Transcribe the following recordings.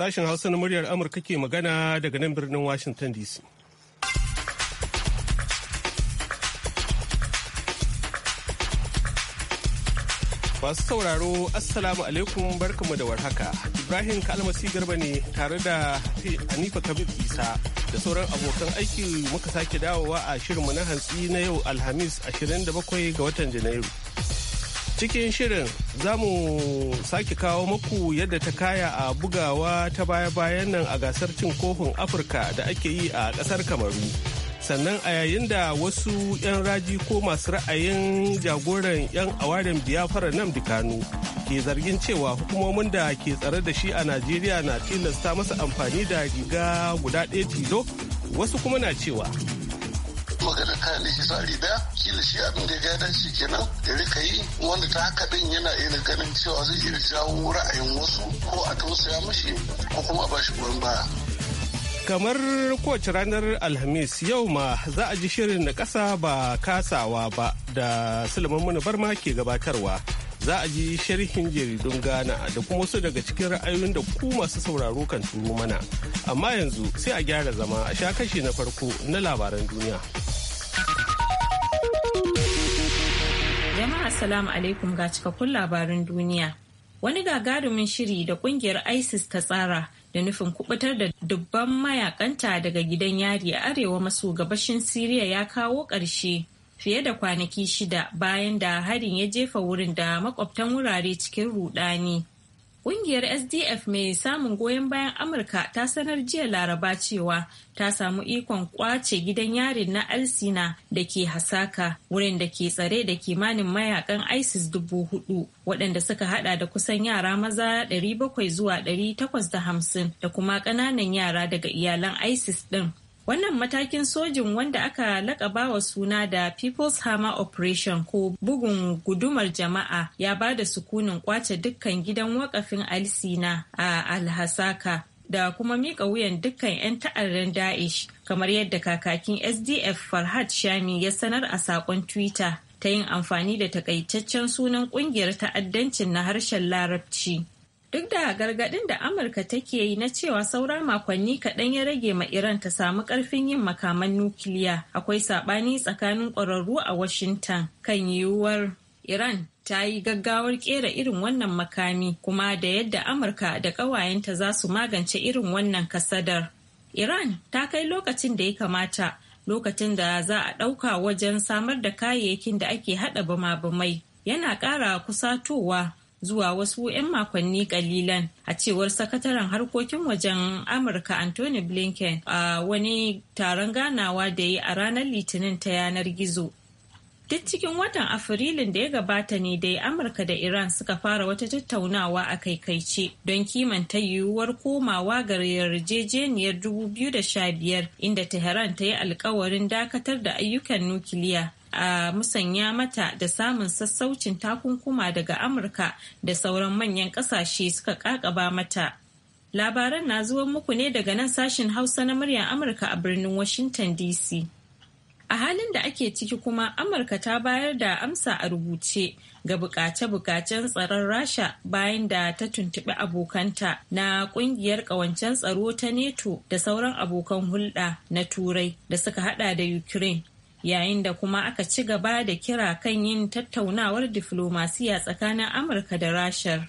Sashen Hausa na muryar Amurka ke magana daga nan birnin Washington DC. Masu sauraro, Assalamu alaikum barkamu da warhaka. Ibrahim Kalmasi Garba ne tare da Hanifa Kabir Isa da sauran abokan aiki muka sake dawowa a shirinmu na hantsi na yau Alhamis 27 ga watan Janairu. cikin shirin za mu sake kawo muku yadda ta kaya a bugawa ta baya-bayan nan a gasar cin kofin afirka da ake yi a kasar kamaru sannan a yayin da wasu 'yan raji ko masu ra'ayin jagoran 'yan awaren biyafara nan kanu ke zargin cewa hukumomin da ke tsare da shi a najeriya na tilasta masa amfani da riga guda ɗaya tilo wasu kuma na cewa magana kayan da shi tsari daya kila shi abin da ya dace kenan da rika yi wanda ta haka din yana iya ganin cewa zai iya jawo ra'ayin wasu ko a tausaya mashi ko kuma a bashi goyon baya. kamar kowace ranar alhamis yau ma za a ji shirin na kasa ba kasawa ba da sulaiman muni ma ke gabatarwa za a ji sharhin jaridun Ghana da kuma wasu daga cikin ra'ayoyin da ku masu sauraro kan turo mana. Amma yanzu sai a gyara zama a sha kashi na farko na labaran duniya. Jama'a Assalamu alaikum ga cikakkun labarin duniya. Wani gagarumin shiri da kungiyar ISIS ta tsara da nufin kubutar da dubban mayakanta daga gidan yari a arewa maso gabashin Siriya ya kawo ƙarshe. fiye da kwanaki shida bayan da harin ya jefa wurin da makwabtan wurare cikin rudani. Ƙungiyar SDF mai samun goyon bayan Amurka ta sanar jiya Laraba cewa ta samu ikon kwace gidan yarin na Alsina da ke Hasaka wurin da ke tsare da kimanin mayakan ISIS dubu hudu waɗanda suka hada da kusan yara maza 700 zuwa 850 da kuma ƙananan yara daga iyalan ISIS ɗin. Wannan matakin sojin wanda aka lakaba wa suna da People's Hammer Operation ko bugun gudumar jama'a ya ba da sukunin kwace dukkan gidan wakafin Alsina a Alhasaka da kuma mika wuyan dukkan 'yan ta'arren Daesh kamar yadda kakakin SDF Farhad Shami ya sanar a saƙon Twitter ta yin amfani da takaitaccen sunan kungiyar ta'addancin na harshen Larabci. duk da gargadin da amurka take yi na cewa saura makonni kaɗan ya rage ma iran ta samu ƙarfin yin makaman nukiliya akwai saɓani tsakanin ƙwararru a washington kan yiwuwar iran ta yi gaggawar ƙera irin wannan makami kuma da yadda amurka da ƙawayenta za su magance irin wannan kasadar iran ta kai lokacin da ya kamata lokacin da za a ɗauka wajen samar da kayayyakin da ake haɗa bama-bamai yana ƙara kusatowa zuwa wasu 'yan makonni kalilan a cewar sakataren harkokin wajen amurka anthony blinken a wani taron ganawa da yi a ranar litinin ta yanar gizo duk cikin watan afrilun da ya gabata ne dai amurka da iran suka fara wata tattaunawa a kaikaice don kimanta yiwuwar komawa ga yarjejeniyar 2015 inda tehran ta yi alkawarin dakatar da ayyukan nukiliya a musanya mata da samun sassaucin takunkuma daga amurka da sauran manyan kasashe suka kakaba mata labaran na zuwan muku ne daga nan sashen hausa na muryar amurka a birnin washington dc a halin da ake ciki kuma amurka ta bayar da amsa a rubuce ga bukace-bukacen tsaron rasha bayan da ta tuntuɓi abokanta na ƙungiyar ƙawancen tsaro ta neto da sauran abokan hulɗa na turai da suka hada da ukraine yayin da kuma aka ci gaba da kira kan yin tattaunawar diflomasiya tsakanin amurka da rashar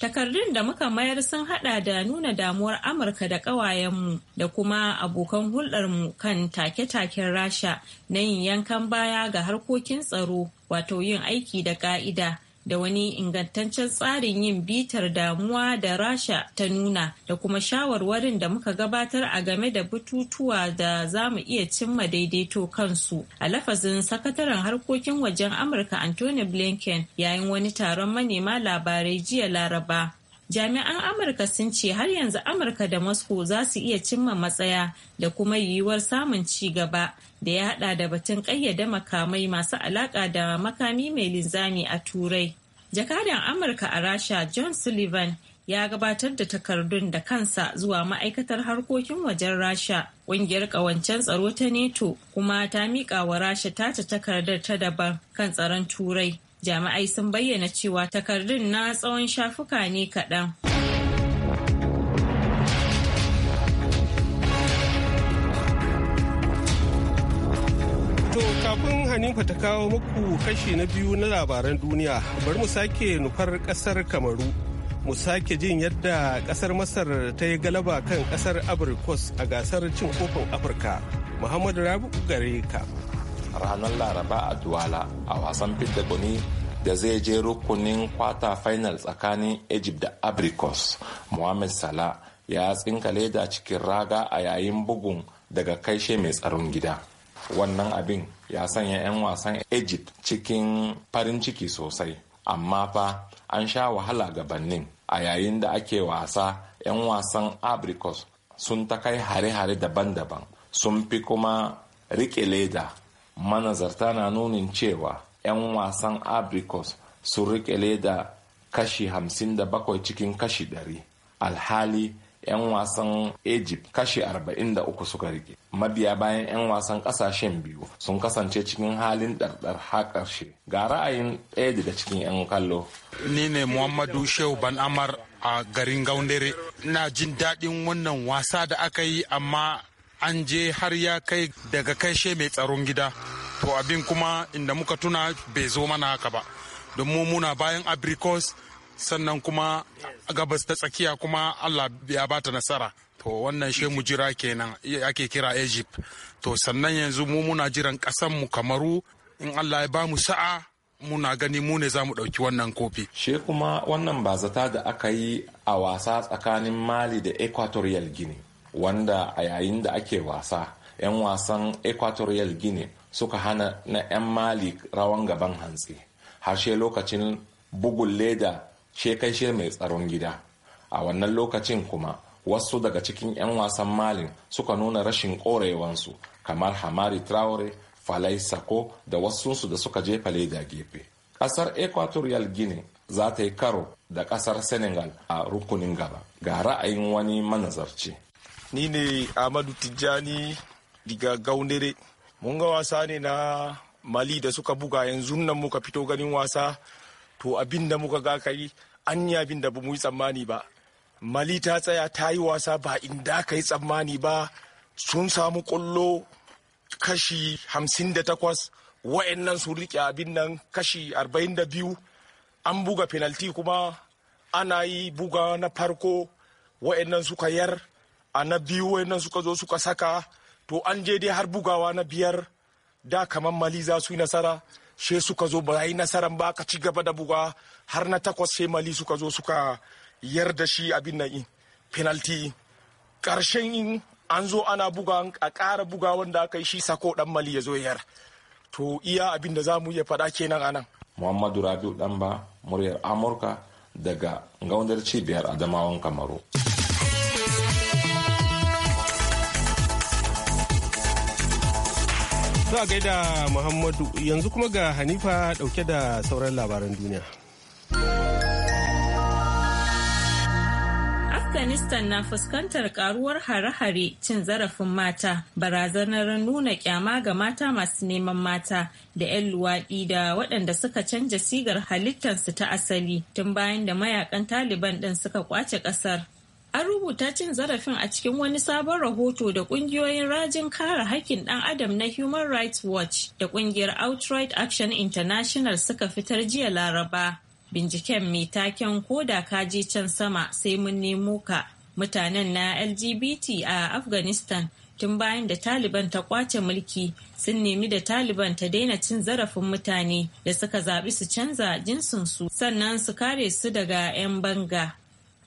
takardun da muka mayar sun hada da nuna damuwar amurka da kawayenmu da kuma abokan hulɗarmu kan take-taken rasha na yin yankan baya ga harkokin tsaro wato yin aiki da ka'ida da wani ingantaccen tsarin yin bitar damuwa da rasha ta nuna da kuma shawarwarin da muka gabatar a game da bututuwa da za mu iya cimma daidaito kansu a lafazin sakataren harkokin wajen amurka anthony blinken yayin wani taron manema labarai jiya laraba jami'an amurka sun ce har yanzu amurka da moscow za su iya cimma matsaya da kuma yiwuwar samun ci gaba da ya hada da batun kayyade makamai masu alaka da makami mai linzami a turai jakadan amurka a rasha john sullivan ya gabatar da takardun da kansa zuwa ma'aikatar harkokin wajen rasha ƙungiyar ƙawancen tsaro ta neto kuma ta miƙa wa rasha ta takardar ta daban kan tsaron turai jami'ai sun bayyana cewa takardun na tsawon shafuka ne kaɗan. To kafin Hanifa ta kawo muku kashi na biyu na labaran duniya bari mu sake nufar ƙasar Kamaru. Mu sake jin yadda ƙasar Masar ta yi galaba kan ƙasar Abrikos a gasar cin kofin Afirka. Muhammadu Rabu gare ka. ranar laraba a duwala a wasan fidda gwani da zai je rukunin kwata final tsakanin egypt da abricos mohamed salah ya tsinka leda cikin raga a yayin bugun daga kaishe mai tsaron gida wannan abin ya sanya 'yan wasan egypt cikin farin ciki sosai amma fa an sha wahala gabanin a yayin da ake wasa 'yan wasan abricos sun ta kai hare-hare daban-daban sun fi kuma rike leda manazarta na nunin cewa 'yan wasan Abrikos su riƙe leda kashi hamsin 57 cikin kashi 100 alhali 'yan wasan egypt kashi 43 suka rike mabiya bayan 'yan wasan kasashen biyu sun kasance cikin halin ɗarɗar har ƙarshe ga ra'ayin ɗaya daga cikin 'yan kallo ni ne muhammadu shehu ban amar a garin gaundere na jin daɗin wannan wasa da aka yi amma an je har ya kai daga kashe mai tsaron gida to abin kuma inda muka tuna bai zo mana haka ba don mu muna bayan abricos sannan kuma gabas ta tsakiya kuma allah ya bata nasara to wannan she mu jira kenan ake kira egypt to sannan yanzu mu muna jiran kasan mu kamaru in allah ya bamu sa'a muna gani mu ne za mu ɗauki wannan kofi. She kuma wannan zata da aka yi a wasa tsakanin Mali da Equatorial Guinea wanda a yayin da ake wasa 'yan wasan equatorial guinea suka hana na 'yan mali rawan gaban hantsi harshe lokacin bugun leda she mai tsaron gida a wannan lokacin kuma wasu daga cikin 'yan wasan mali suka nuna rashin korewansu kamar hamari traore falai sako da wasunsu da suka jefa leda gefe Ƙasar equatorial guinea za ta yi karo da ƙasar senegal a rukunin gaba ga ra'ayin wani manazarci ni ne Ahmadu Tijjani daga Gaunere. Mun ga wasa ne na Mali da suka buga yanzu nan muka fito ganin wasa to abin da muka ga kai an yi abin da ba mu yi tsammani ba. Mali ta tsaya ta yi wasa ba inda ka yi tsammani ba sun samu kullo kashi hamsin da takwas wa'annan sun rike abin nan kashi arba'in da biyu an buga penalti kuma ana yi buga na farko wa'annan suka yar a na biyu wayannan suka zo suka saka to an je dai har bugawa na biyar da kamar mali za su yi nasara she suka zo ba yi nasaran ba ka ci gaba da buga har na takwas she mali suka zo suka yarda shi abin nan penalty karshen in an zo ana buga a ƙara buga wanda aka yi shi sako dan mali ya zo yar to iya abin da za mu iya faɗa kenan anan muhammadu rabiu ba muryar amurka daga gaunar cibiyar adamawan kamaru za a gaida Muhammadu yanzu kuma ga Hanifa dauke da sauran labaran duniya. Afghanistan na fuskantar karuwar hare-hare cin zarafin mata, barazanar nuna kyama ga mata masu neman mata da 'yan luwaɗi da waɗanda suka canja sigar halittarsu ta asali tun bayan da mayakan Taliban ɗin suka kwace ƙasar. An rubuta cin zarafin a cikin wani sabon rahoto da kungiyoyin rajin kare hakkin ɗan adam na Human Rights Watch da kungiyar Outright Action International suka fitar jiya Laraba. Binciken mai taken ko koda kaji can sama sai mun nemo ka mutanen na LGBT a Afghanistan tun bayan da Taliban ta kwace mulki sun nemi da Taliban ta daina cin zarafin mutane da suka zaɓi su canza jinsinsu sannan su kare su daga 'yan banga.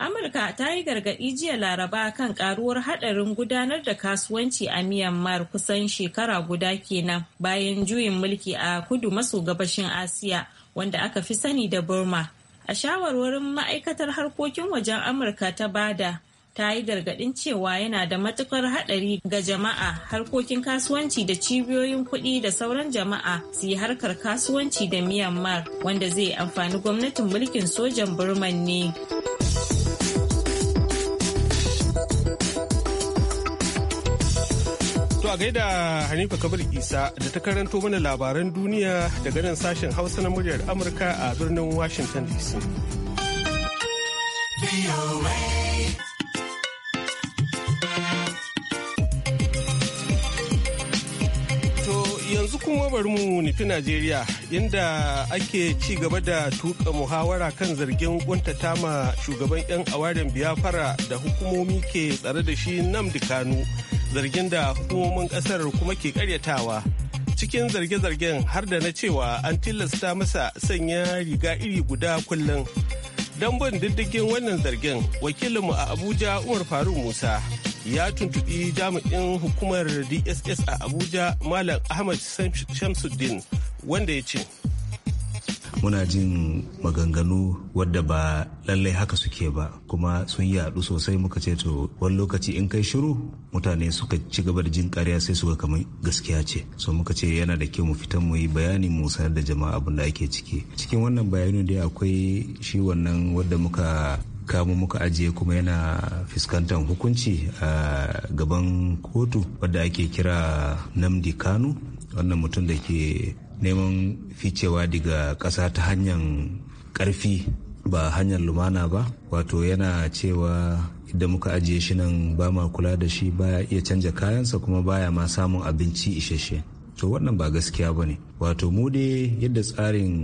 Amurka ta yi gargaɗi jiya Laraba kan karuwar haɗarin gudanar da kasuwanci a Myanmar kusan shekara guda kenan bayan juyin mulki a kudu maso gabashin Asiya wanda aka fi sani da Burma. A shawarwarin ma'aikatar harkokin wajen Amurka ta bada ta yi gargaɗin cewa yana da matukar haɗari ga jama'a harkokin kasuwanci da cibiyoyin kuɗi da sauran jama'a su yi harkar kasuwanci da Myanmar wanda zai amfani gwamnatin mulkin sojan Burman ne. a gaida Hanifa Kabir Isa da ta karanto mana labaran duniya daga nan sashen Hausa na muryar Amurka a birnin Washington DC. yanzu kuma bari mu nufi Najeriya inda ake ci gaba da tuka muhawara kan zargin kuntata ma shugaban 'yan awaren biyafara da hukumomi ke tsare da shi Nnamdi Kanu. zargin da hukumomin kasar kuma ke karyatawa cikin zarge-zargen har da na cewa an tilasta masa sanya riga iri guda kullum don bin diddigin wannan zargin wakilinmu a abuja umar faruk musa ya tuntubi jami'in hukumar dss a abuja malam ahmad shamsuddin wanda ya ce muna jin maganganu wadda ba lallai haka suke ba kuma sun yaɗu sosai muka ce to wani lokaci in kai shiru mutane suka ci gaba da jin ƙarya sai suka kamar gaskiya ce so muka ce yana da kyau mu fita mu yi bayani mu sanar da jama'a abin da ake ciki cikin wannan bayanin da akwai shi wannan wadda muka kamu muka ajiye kuma yana fuskantar hukunci a gaban kotu wadda ake kira namdi Kano wannan mutum da ke neman ficewa daga ƙasa ta hanyar ƙarfi ba hanyar lumana ba wato yana cewa da muka ajiye shi nan ba ma kula da shi baya iya canja kayansa kuma baya ma samun abinci isasshe to wannan ba gaskiya ba ne wato mu dai yadda tsarin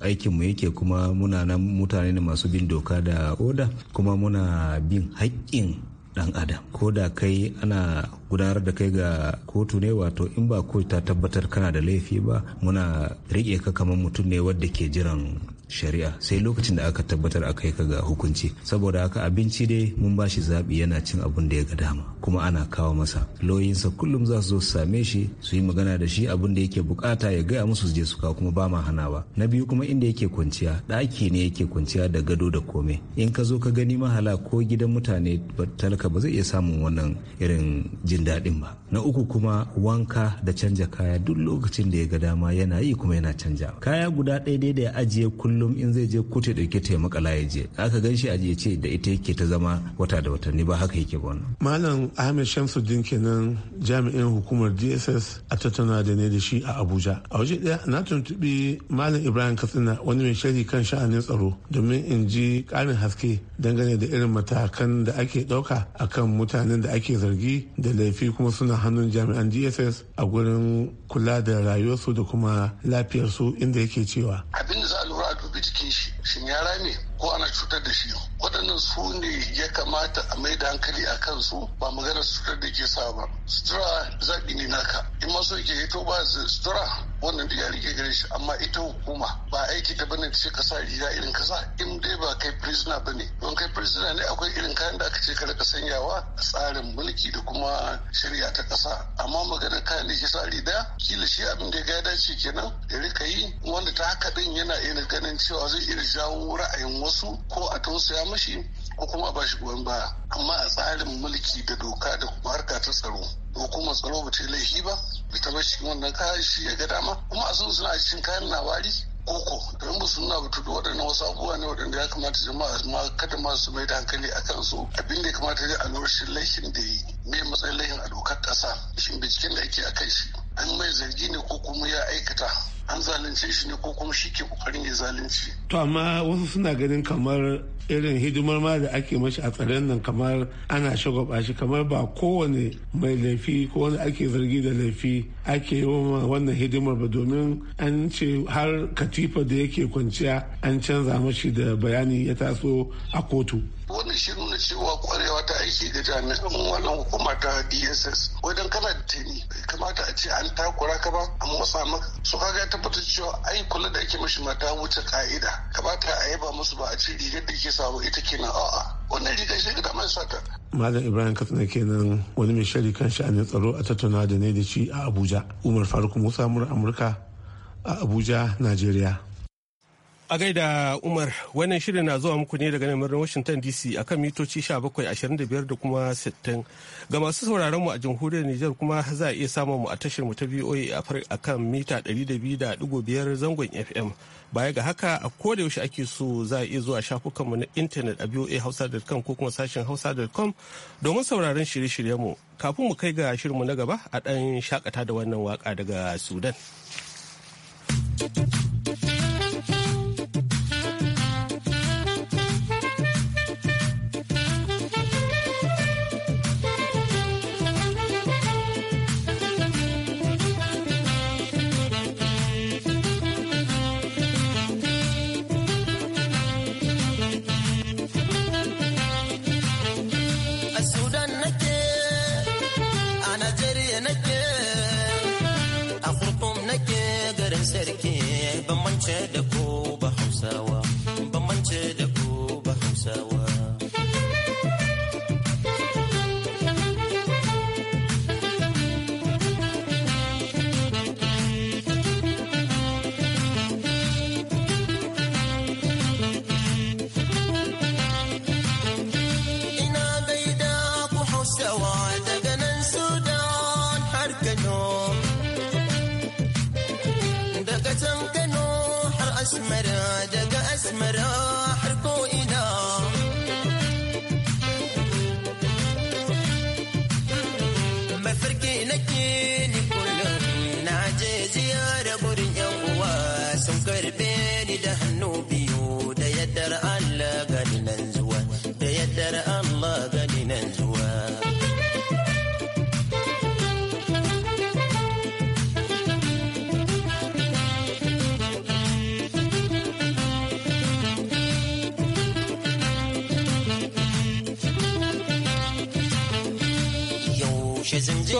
aikinmu yake kuma muna nan mutane ne masu bin doka da oda kuma muna bin haƙƙin dan adam ko da kai ana gudanar da kai ga kotu ne wato in ba kotu ta tabbatar kana da laifi ba muna rike ka kamar mutum ne wadda ke jiran shari'a sai lokacin da aka tabbatar aka yi ka ga hukunci saboda haka abinci dai mun ba shi zaɓi yana cin abin da ya ga dama kuma ana kawo masa loyinsa kullum za su zo su same shi su yi magana da shi abin da yake bukata ya gaya musu su je su kawo kuma ba ma hana ba na biyu kuma inda yake kwanciya ɗaki ne yake kwanciya da gado da kome in ka zo ka gani mahala ko gidan mutane talaka ba zai iya samun wannan irin jin daɗin ba na uku kuma wanka da canja kaya duk lokacin da ya ga dama yana yi kuma yana canja kaya guda ɗaya da ya ajiye kullum kullum in zai je kute dauke ta makala ya je aka gan shi aje ce da ita yake ta zama wata da watanni ba haka yake ba wannan malam ahmed shamsuddin kenan jami'in hukumar dss a tattauna da ne da shi a abuja a waje daya na tuntubi malam ibrahim katsina wani mai shari kan sha'anin tsaro domin in ji karin haske dangane da irin matakan da ake dauka akan mutanen da ake zargi da laifi kuma suna hannun jami'an dss a gurin kula da rayuwarsu da kuma lafiyarsu inda yake cewa abin da za a lura a dubi jikin shi shin yara ne ko ana cutar da shi waɗannan su ne ya kamata a mai da hankali a kansu ba magana cutar da ke sa ba sutura zaɓi ne naka in maso ke hito ba sutura wannan da ya rike gare shi amma ita hukuma ba aiki ta bane ce ka sa riga irin kasa in kai prisoner ba ne don kai prisoner ne akwai irin kayan da aka ce ka sanyawa a tsarin mulki da kuma shari'a ta kasa amma maganar kayan da ke tsari da kila shi abin da ya dace kenan ya rika yi wanda ta haka din yana iya ganin cewa zai iya jawo ra'ayin wasu ko a tausaya mashi ko kuma a bashi goyon baya amma a tsarin mulki da doka da kuma harka ta tsaro hukumar tsaro ba ta laifi ba ta bar wannan kayan shi ya ga dama kuma a sun suna cikin kayan labari koko don ba su nuna ba waɗannan wasu abubuwa ne waɗanda ya kamata jama'a ma kada ma su mai da hankali a su, abin da ya kamata ne a lokacin shi laifin da yi mai matsayin laifin a dokar ƙasa shin binciken da ake a kai shi an mai zargi ne ko kuma ya aikata an zalunce shi ne ko kuma shi ke kokarin ya zalunci. To amma wasu suna ganin kamar irin hidimar ma da ake mashi a tsaron nan kamar ana shagwaba shi kamar ba kowane mai laifi ko wanda ake zargi da laifi ake yi wannan hidimar ba domin an ce har katifa da yake kwanciya an canza mashi da bayani ya taso a kotu. wani shirin na cewa kwarewa ta aiki da jami'an wannan hukuma ta dss wajen kana da tini bai kamata a ce an takura ka ba a motsa maka su kaga ya tabbatar cewa ai kula da ake mashi mata wuce ka'ida kamata a yaba musu ba a ce rigar da ke samu ita kenan a'a wannan rigar shi ga mai sata Malam Ibrahim Katsina kenan wani mai shari kan sha'anin tsaro a tattauna da ne da shi a Abuja. Umar Faruk Musa Amurka a Abuja, Najeriya. A gaida Umar, wannan shirin na zuwa muku ne daga nan birnin Washington DC akan mitoci 1725 da kuma 60. Ga masu sauraron mu a jamhuriyar Nijar kuma za a iya samun mu a tashar mu ta VOA a kan mita 200.5 zangon FM. Baya ga haka a kodayaushe yaushe ake so za a iya zuwa shafukan mu na intanet a Hausa.com ko kuma sashen hausa.com domin sauraron shirye-shiryen mu. Kafin mu kai ga shirin mu na gaba a ɗan shakata da wannan waka daga Sudan.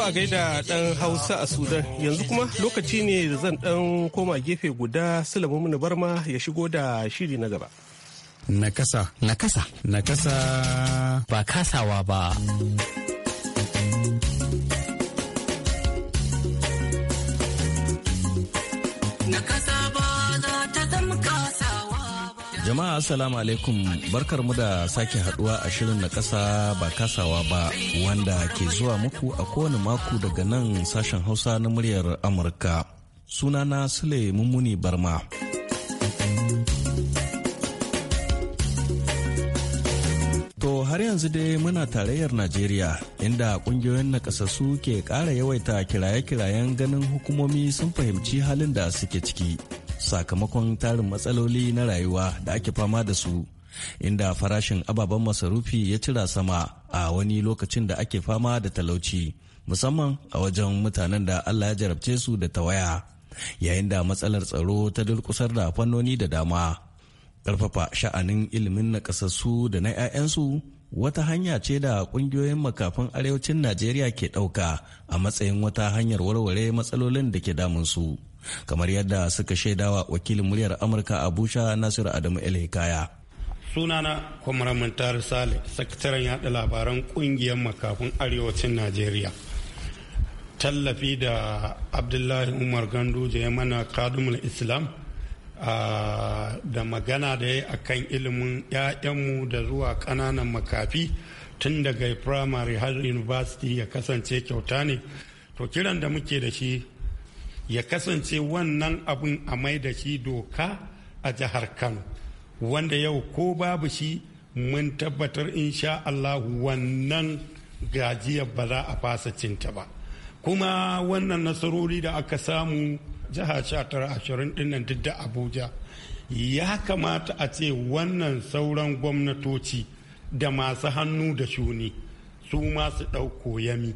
a gaida dan Hausa a Sudan. Yanzu kuma lokaci ne da zan dan koma gefe guda mini Barma ya shigo da shiri na gaba. Nakasa. Nakasa. Nakasa. Ba kasawa ba. Nakasa. Jama'a Assalamu alaikum barkar mu da sake haduwa a shirin na kasa ba kasawa ba wanda ke zuwa muku a kowane mako daga nan sashen Hausa na muryar Amurka. Sunana Sule Mummuni Barma. To har yanzu dai muna tarayyar Najeriya inda kungiyoyin nakasassu ke ƙara yawaita kiraye-kirayen ganin hukumomi sun fahimci halin da suke ciki. sakamakon tarin matsaloli na rayuwa da ake fama da su inda farashin ababen masarufi ya cira sama a wani lokacin da ake fama da talauci musamman a wajen mutanen da Allah ya jarabce su da tawaya yayin da matsalar tsaro ta durkusar da fannoni da dama ƙarfafa sha'anin ilimin nakasassu da na 'ya'yansu wata hanya ce da ƙungiyoyin makafin arewacin najeriya ke ɗauka a matsayin wata hanyar warware matsalolin da ke damunsu kamar yadda suka shaidawa wakilin muryar amurka a busha nasiru adamu el hikaya sunana mintar sale sakataren yada labaran kungiyar makafin arewacin najeriya tallafi da abdullahi umar ganduje ya mana kadumul islam da magana da ya a kan ilimin 'ya'yanmu da zuwa kananan makafi tun daga firamare har university ya kasance kyauta ne to kiran da muke da shi ya kasance wannan abin a mai da shi doka a jihar kano wanda yau ko babu shi mun tabbatar in sha allahu wannan gajiyar ba za a fasa cinta ba kuma wannan nasarori da aka samu jiha 19 dinnan duk da abuja ya kamata a ce wannan sauran gwamnatoci da masu hannu da shuni su masu ɗauko yami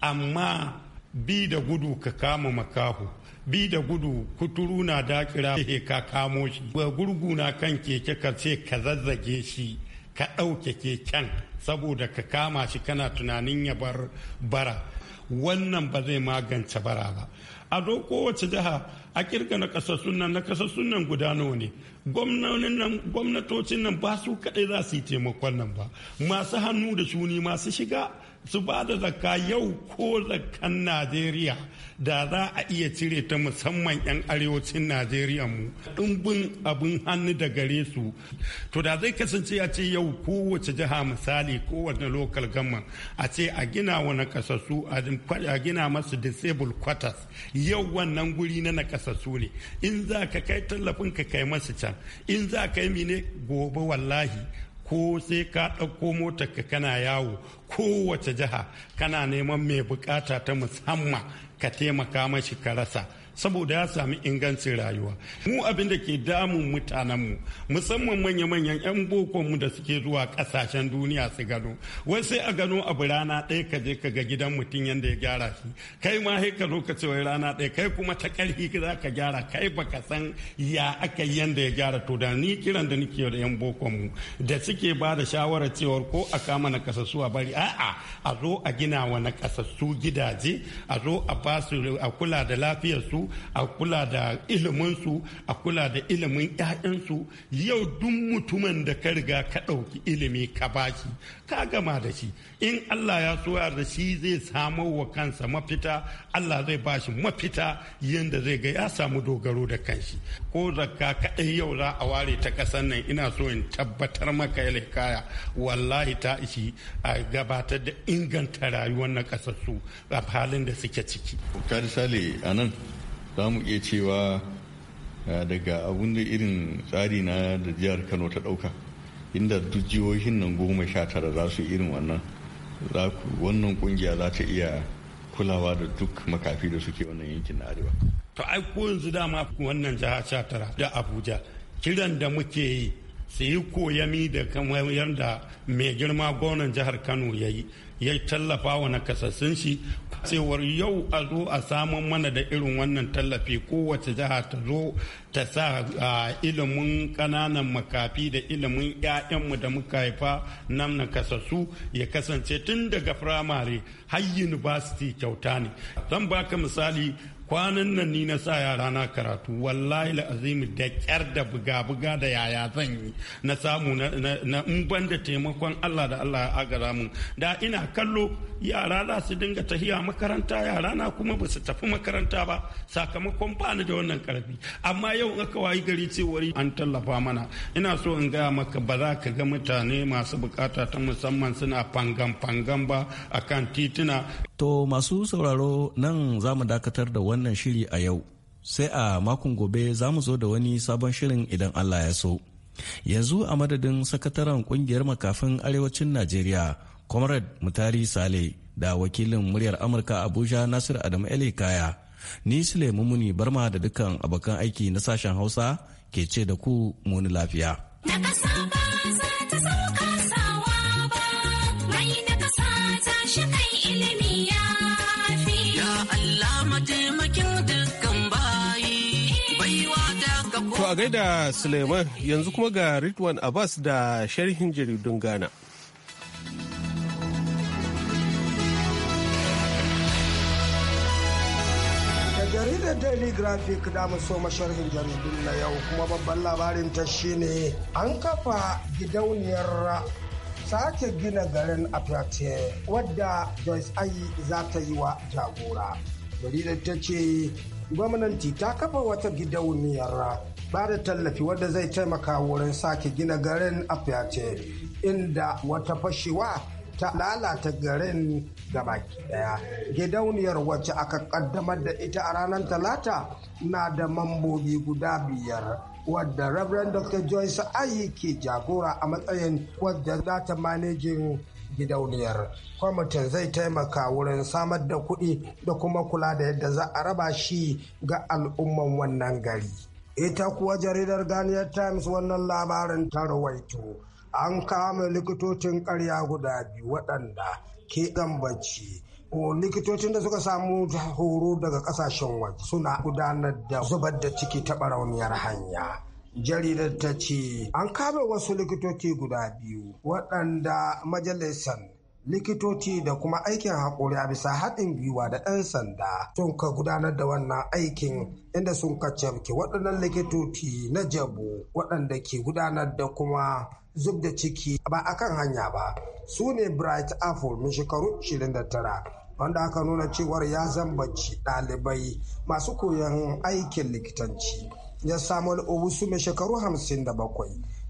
amma bi da gudu ka kama makaho bi da gudu kuturu na dakira he ka kamo shi gurgu na kan keke ka ce ka zazzage shi ka ɗauke keken saboda ka kama shi kana tunanin ya bar bara wannan ba zai magance bara ba a do kowace jiha a kirga na kasassun nan na kasassun nan guda nawa ne gwamnatocin nan ba su kaɗai za su yi taimakon nan ba masu hannu da shuni masu shiga su ba da zakka yau ko zakkan najeriya da za a iya cire ta musamman 'yan arewacin najeriya mu ɗumbin abin hannu da gare su to da zai kasance a ce yau kowace jiha misali kowace lokal gama a ce a gina wa nakasassu a gina masu disabled quarters yau wannan guri na nakasassu ne in za ka kai tallafin ka kai masu can in za ka yi mine gobe wallahi ko sai ka ɗauko ka kana yawo kowace jiha kana neman mai bukata ta musamman ka taimaka mashi ka rasa saboda ya sami ingancin rayuwa mu abin da ke damun mutanenmu musamman manya-manyan 'yan bokonmu da suke zuwa kasashen duniya su gano wai sai a gano abu rana ɗaya ka je ka ga gidan mutum yadda ya gyara shi kai ma sai ka zo ka ce wai rana ɗaya kai kuma ta ƙarfi za ka gyara kai baka san ya aka yi yadda ya gyara to da ni kiran da nake da 'yan bokonmu da suke ba da shawarar cewar ko a kama na kasassu a bari a'a a zo a gina wa na kasassu gidaje a zo a basu a kula da lafiyarsu a kula da iliminsu a kula da ilimin 'ya'yansu yau duk mutumin da ka riga ka ɗauki ilimi ka bashi ka gama da shi in allah ya so da shi zai samo wa kansa mafita allah zai bashi mafita yadda zai ga ya samu dogaro da kanshi ko zakka kaɗai yau za a ware ta ƙasar nan ina so in tabbatar maka kaya wallahi ta ishi a gabatar da inganta rayuwar na ƙasar su a halin da suke ciki. za mu iya cewa eh, daga abun da irin tsari na da jihar kano ta ɗauka inda duk jihohin nan goma sha tara za su irin wannan wannan kungiya za ta iya kulawa da duk makafi da suke wannan yankin na arewa to ai ko yanzu dama wannan jiha sha tara da abuja kiran da muke yi su yi koyami da kamar yadda mai girma gwamnan jihar kano ya yi ya tallafa wa nakasassun shi cewar yau a zo a samun mana da irin wannan tallafi kowace jiha ta zo ta sa ilimin ƙananan makafi da ilimin 'ya'yanmu da muka haifa na nakasassu ya kasance tun daga firamare har university kyauta ne zan baka misali kwanan nan ni na sa yara na karatu wallahi azimi da kyar da buga-buga da yaya zan yi na samu na in da taimakon Allah da Allah ya agara mun da ina kallo yara za su dinga tahiya makaranta yara na kuma ba su tafi makaranta ba sakamakon ba ni da wannan karfi amma yau aka wayi gari cewari an tallafa mana ina so in gaya maka ba za ka ga mutane masu bukata ta musamman suna fangan-fangan ba akan tituna to masu sauraro nan za mu dakatar da wani. wannan shiri a yau sai a makon gobe za mu zo da wani sabon shirin idan allah ya so yanzu a madadin sakataren kungiyar makafin arewacin najeriya comrade mutari sale da wakilin muryar amurka abuja nasir adamu elikaya kaya ni sulaimu muni barma da dukkan abokan aiki na sashen hausa ke ce da ku muni lafiya ilimi a gaida Suleiman yanzu kuma ga Ridwan Abbas da sharhin jaridun Ghana. jaridar daily graphic da so masharhin jaridun na yau kuma babban labarin ta shine an kafa gidauniyar sake gina garin afirka wadda joyce ayi za ta yi wa jagora jaridar ta ce gwamnati ta kafa wata gidauniyar ba da tallafi wadda zai taimaka wurin sake gina garin a afyace inda wata fashewa ta lalata garin baki daya gidauniyar wacce aka kaddamar da ita a ranar talata na da mambobi guda biyar wadda Reverend Dr. Joyce Ayi ke jagora a matsayin wadda za ta manejin gidauniyar. Kwamitin zai taimaka wurin samar da kuɗi da kuma kula da yadda za a raba shi ga al'umman wannan gari. ita kuwa jaridar ganiyar Times wannan labarin ta rawaito an kama likitocin karya guda biyu waɗanda ke gambaci likitocin da suka samu horo daga ƙasashen waje suna gudanar da zubar da ciki ta barauniyar hanya jaridar ta ce an kama wasu likitoci guda biyu waɗanda majalisar likitoci da kuma aikin haƙuri a bisa haɗin gwiwa da 'yan sanda sun ka gudanar da wannan aikin inda sun ka cafke waɗannan likitoci na jabu waɗanda ke gudanar da kuma zub da ciki ba a kan hanya ba su ne bright apple mai shekaru 29 wanda aka nuna cewar ya zambaci ɗalibai masu koyon aikin likitanci ya samuel su mai shekaru 57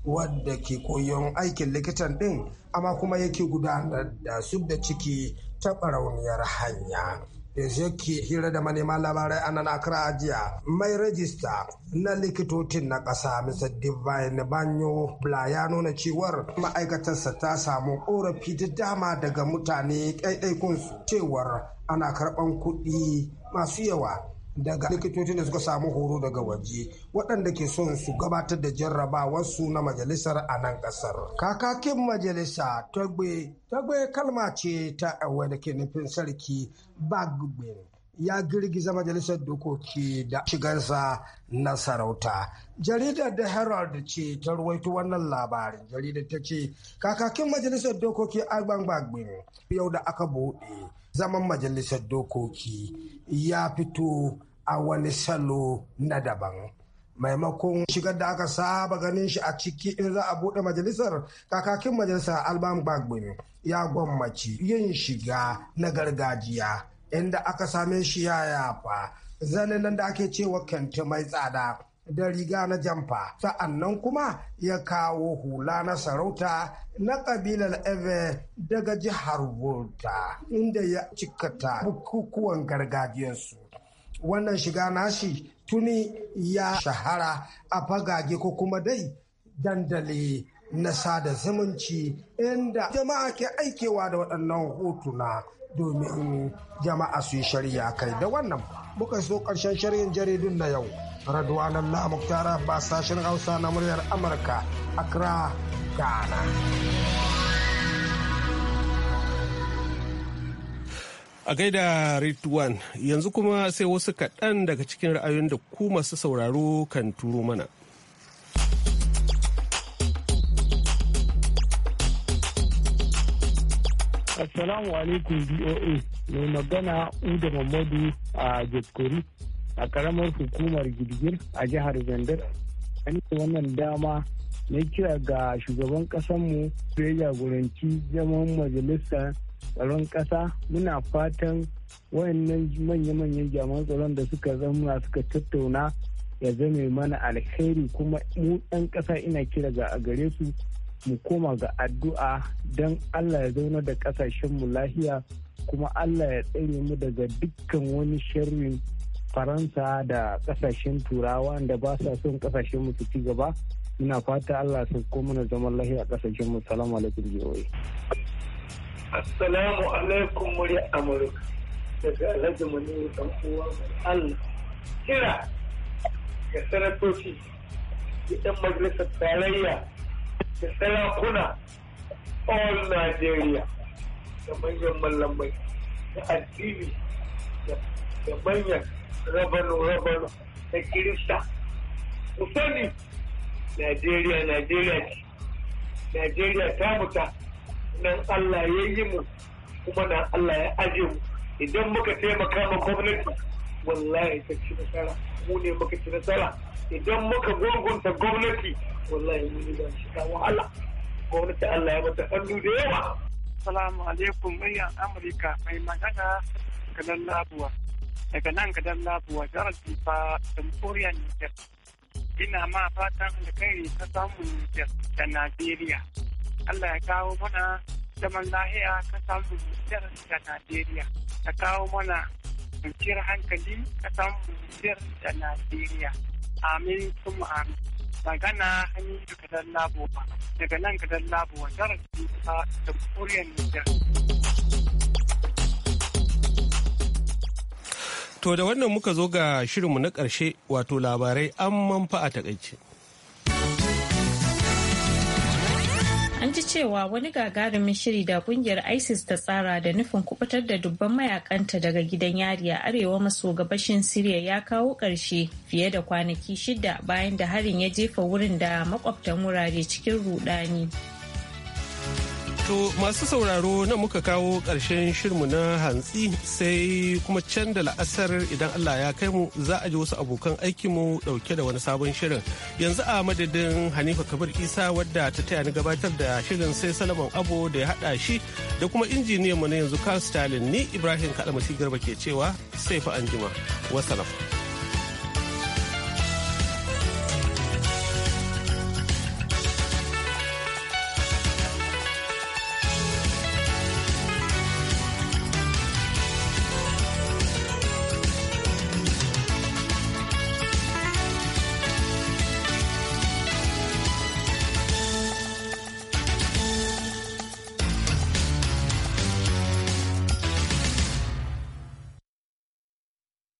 wadda ke koyon aikin likitan ɗin amma kuma yake gudanar da su da ciki ta barauniyar hanya da yake hira da manema labarai a nan ajiya. ajiya mai rajista na likitocin na ƙasa Mr. Divine Banyo Bla ya nuna cewar ma'aikatarsa ta samu ƙorafi da dama daga mutane ɗaiɗaikunsu cewar ana karɓan kuɗi masu yawa daga likitocin da suka samu horo daga waje waɗanda ke son su gabatar da jarrabawarsu na majalisar a nan ƙasar. Kakakin majalisa tagbe kalma ce ta awa da ke nufin sarki bagbin ya girgiza majalisar dokoki da shigarsa na sarauta. Jaridar da Herald ce ta ruwaito wannan labarin. Jaridar ta ce kakakin majalisar dokoki Agban Bagbin yau da aka buɗe. zaman majalisar dokoki ya fito a wani salo na daban maimakon shigar da aka saba ganin shi a ciki in za a bude majalisar kakakin majalisar alban gbagbin ya gwammaci yin shiga na gargajiya inda aka same shi ya yafa zanen nan da ake cewa kente mai tsada da riga na jamfa sa'annan kuma ya kawo hula na sarauta na kabilar eve daga jihar volta inda ya cikata bukukuwan gargajiyarsu wannan shiga nashi tuni ya shahara a fagage ko kuma dai dandali na sada zumunci inda jama'a ke aikewa da waɗannan hotuna domin jama'a su yi shari'a kai da wannan ba. muka so ƙarshen shirin jaridun na yau. Radwan Allah Muktar ba sashen Hausa na muryar Amurka, Accra, Ghana. A gaida Ritwan, yanzu kuma sai wasu kaɗan daga cikin ra'ayoyin da ku masu sauraro kan turo mana. Assalamu alaikum BOA mai magana Uda Mamadu a Jaskori a karamar hukumar girgir a jihar Zandar. An wannan dama na kira ga shugaban kasanmu da ya jagoranci zaman majalisa tsaron ƙasa muna fatan wayannan manya-manyan jaman tsaron da suka zama suka tattauna ya zame mana alheri kuma mu ɗan ƙasa ina kira ga a gare su mu koma ga addu'a don allah ya zauna da ƙasashenmu lahiya kuma allah ya tsere mu daga dukkan wani sharrin faransa da kasashen turawa da ba sa son ƙasashenmu su ci gaba ina fata allah su koma na zaman lahiya kasashenmu salamu alaikum jihohi assalamu alaikum murya amurka daga alhaji mani dan uwa allah kira ga sanatoci yan majalisar tarayya da sarakuna all Najeriya da manyan mallamai da addini da manyan rabano-rabano da kirista. Ku sani Najeriya, Najeriya ce, Najeriya ta muta nan Allah ya yi mu kuma nan Allah ya aje mu. Idan muka taimaka ma gwamnati wallahi ta ci nasara, mu ne muka ci nasara. Idan muka gurgunta gwamnati wallahi mun ba shi ta wahala gwamnati Allah ya bata hannu da yawa assalamu alaikum muryan amurka mai magana kadan labuwa daga nan kadan labuwa jarar jifa jamhuriyar niger ina ma fatan alkhairi ta samun niger da najeriya allah ya kawo mana zaman lahiya ka samu niger da najeriya ta kawo mana kwanciyar hankali ka samu niger da najeriya amin sun amin magana hanyar da kadar labo daga nan kadar labuwa wajen ta da kuriyar niger To da wannan muka zo ga shirinmu na ƙarshe wato labarai an manfa a takaice. An ji cewa wani gagarumin shiri da kungiyar ISIS ta tsara da nufin kubutar da dubban mayakanta daga gidan yari a arewa maso gabashin Siriya ya kawo ƙarshe fiye da kwanaki shida bayan da harin ya jefa wurin da makwabtan wurare cikin rudani. To masu sauraro na muka kawo ƙarshen shirmu na hantsi sai kuma can da la'asar idan Allah ya kai mu za a ji wasu abokan aikinmu ɗauke da wani sabon shirin. Yanzu a madadin Hanifa Kabir Isa wadda ta taya ni gabatar da shirin sai Salaman Abo da ya haɗa shi da kuma injiniyan mu na yanzu Carl Stalin ni Ibrahim Kalamasi Garba ke cewa sai fa anjima. Wasalam.